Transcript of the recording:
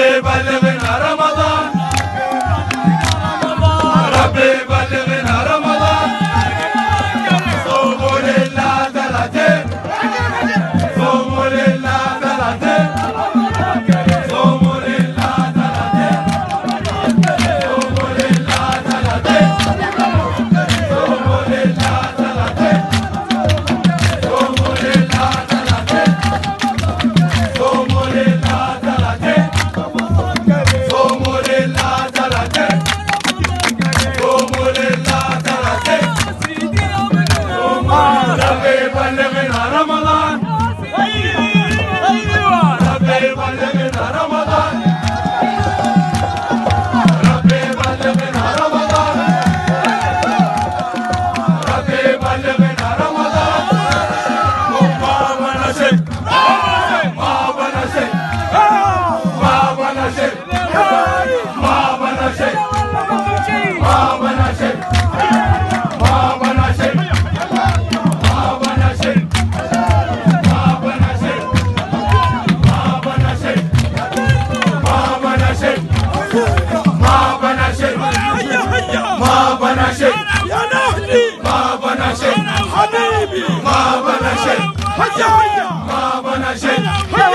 Ramadan. बल Mabana Shed, Mabana Shed, Mabana Shed,